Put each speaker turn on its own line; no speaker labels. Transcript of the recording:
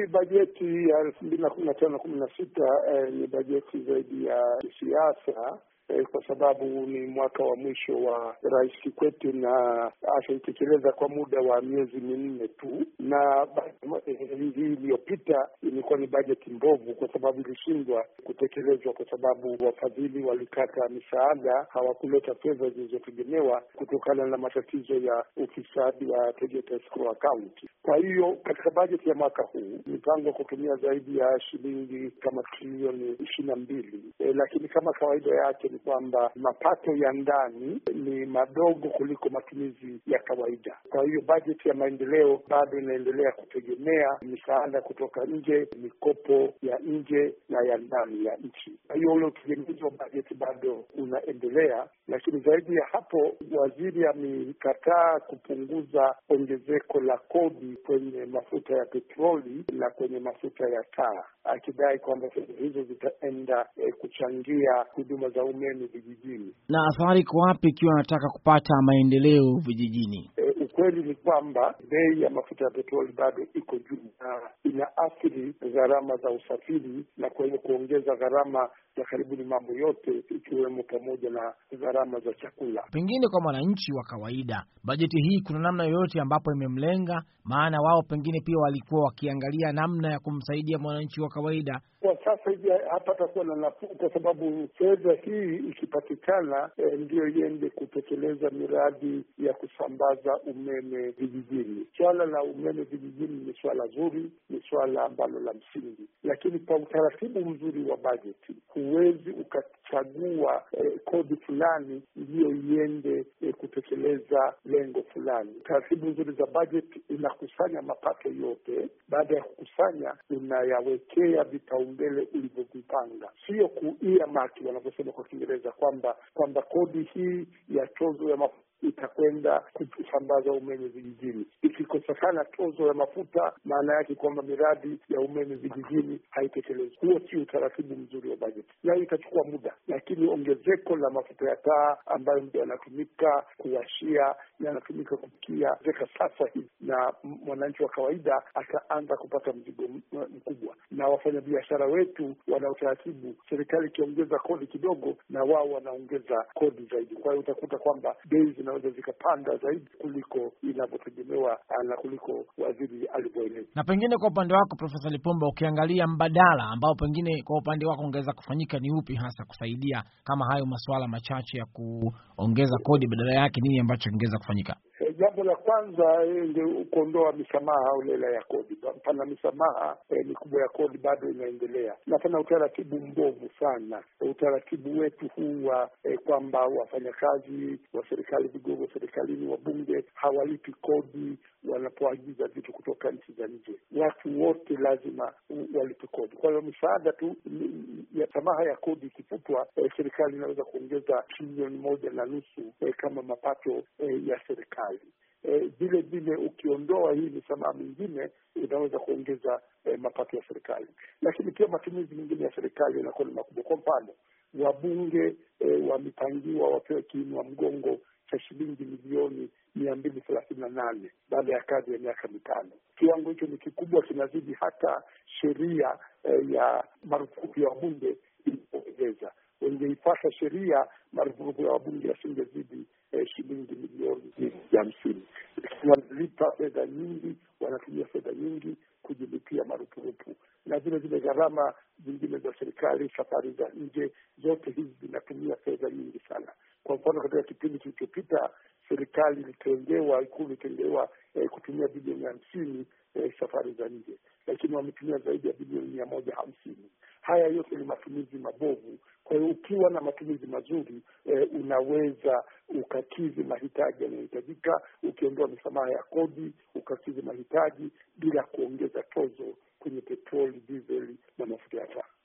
hii bajeti ya elfu mbili na kumi na tano kumi na sita eh, ni bajeti zaidi ya kisiasa Eh, kwa sababu ni mwaka wa mwisho wa Rais Kikwete na ataitekeleza kwa muda wa miezi minne tu, na eh, hii iliyopita ilikuwa ni bajeti mbovu, kwa sababu ilishindwa kutekelezwa kwa sababu wafadhili walikata misaada, hawakuleta fedha zilizotegemewa kutokana na matatizo ya ufisadi wa Tegeta Escrow Account. Kwa hiyo katika bajeti ya mwaka huu mipango kutumia zaidi ya shilingi kama trilioni ishirini na mbili, e, lakini kama kawaida yake ni kwamba mapato ya ndani ni madogo kuliko matumizi ya kawaida. Kwa hiyo bajeti ya maendeleo bado inaendelea kutegemea misaada kutoka nje, mikopo ya nje na ya ndani ya nchi. Kwa hiyo ule utegemezi wa bajeti bado unaendelea, lakini zaidi ya hapo, waziri amekataa kupunguza ongezeko la kodi kwenye mafuta ya petroli na kwenye mafuta ya taa, akidai kwamba fedha hizo zitaenda eh, kuchangia huduma za umeme wengine vijijini. Na athari kwa wapi ikiwa anataka kupata maendeleo vijijini? E, ukweli ni kwamba bei ya mafuta ya petroli bado iko juu na ina athiri gharama za usafiri na kwenye kuongeza gharama ya karibu ni mambo yote ikiwemo pamoja na gharama za chakula. Pengine kwa mwananchi wa kawaida, bajeti hii kuna namna yoyote ambapo imemlenga? Maana wao pengine pia walikuwa wakiangalia namna ya kumsaidia mwananchi wa kawaida sasa hivi hapatakuwa na nafuu, kwa sababu fedha hii ikipatikana e, ndiyo iende kutekeleza miradi ya kusambaza umeme vijijini. Swala la umeme vijijini ni swala zuri, ni swala ambalo la msingi lakini kwa utaratibu mzuri wa bajeti huwezi ukachagua eh, kodi fulani iliyo iende eh, kutekeleza lengo fulani. Taratibu nzuri za bajeti inakusanya mapato yote, baada ya kukusanya unayawekea vipaumbele ulivyovipanga, sio kuia maki wanavyosema kwa Kiingereza kwamba kwamba kodi hii ya tozo ya mafuta itakwenda kusambaza umeme vijijini. Ikikosekana tozo ya mafuta, maana yake kwamba miradi ya umeme vijijini haitekelezwi. Huo si utaratibu mzuri wa bajeti, nayo itachukua muda, lakini ongezeko la mafuta ya taa ambayo ndio yanatumika kuwashia, yanatumika kupikia zeka sasa hivi, na mwananchi wa kawaida ataanza kupata mzigo mkubwa. Na wafanyabiashara wetu wana utaratibu, serikali ikiongeza kodi kidogo, na wao wanaongeza kodi zaidi. Kwa hiyo utakuta kwamba bei zinaweza zikapanda zaidi kuliko inavyotegemewa ah, na kuliko waziri alivyoeleza. Na pengine kwa upande wako Profesa Lipumba, ukiangalia mbadala ambao pengine kwa upande wako ungeweza kufanyika ni upi hasa kusaidia kama hayo masuala machache ya kuongeza kodi, badala yake nini ambacho kingeweza kufanyika? Eh, jambo la kwanza eh, ni kuondoa misamaha au lela ya kodi. Pana misamaha eh, mikubwa ya kodi bado inaendelea, na pana utaratibu mbovu sana. Utaratibu wetu huu wa eh, kwamba wafanyakazi wa serikali, vigogo serikalini, wabunge hawalipi kodi wanapoagiza vitu kutoka nchi za nje. Watu wote lazima walipe kodi. Kwa hiyo misaada tu ya samaha ya kodi ikifutwa, eh, serikali inaweza kuongeza trilioni moja na nusu eh, kama mapato eh, ya serikali eh, vile eh, vile ukiondoa hii misamaha mingine inaweza kuongeza eh, mapato ya serikali, lakini pia matumizi mengine ya serikali yanakuwa ni makubwa. Kwa mfano wabunge eh, wamepangiwa wapewe kiinua mgongo cha shilingi milioni mia mbili thelathini na nane baada ya kazi ya miaka mitano. Kiwango hicho ni kikubwa, kinazidi hata sheria eh, ya marufuku ya wabunge ilipoeleza. Wengeipasha sheria marufuku ya wabunge yasingezidi eh, shilingi milioni hamsini, wanalipa fedha nyingi, wanatumia fedha nyingi kujilipia marupurupu na vile vile gharama zingine za serikali, safari za nje, zote hizi zinatumia fedha nyingi sana. Kwa mfano, katika kipindi kilichopita serikali ilitengewa, Ikulu ilitengewa eh, kutumia bilioni hamsini eh, safari za nje, lakini wametumia zaidi ya bilioni mia moja hamsini. Haya yote ni matumizi mabovu. Kwa hiyo ukiwa na matumizi mazuri eh, unaweza ukakidhi mahitaji yanayohitajika, ukiondoa misamaha ya kodi ukakidhi mahitaji bila kuongeza tozo kwenye petroli, dizeli na mafuta ya taa.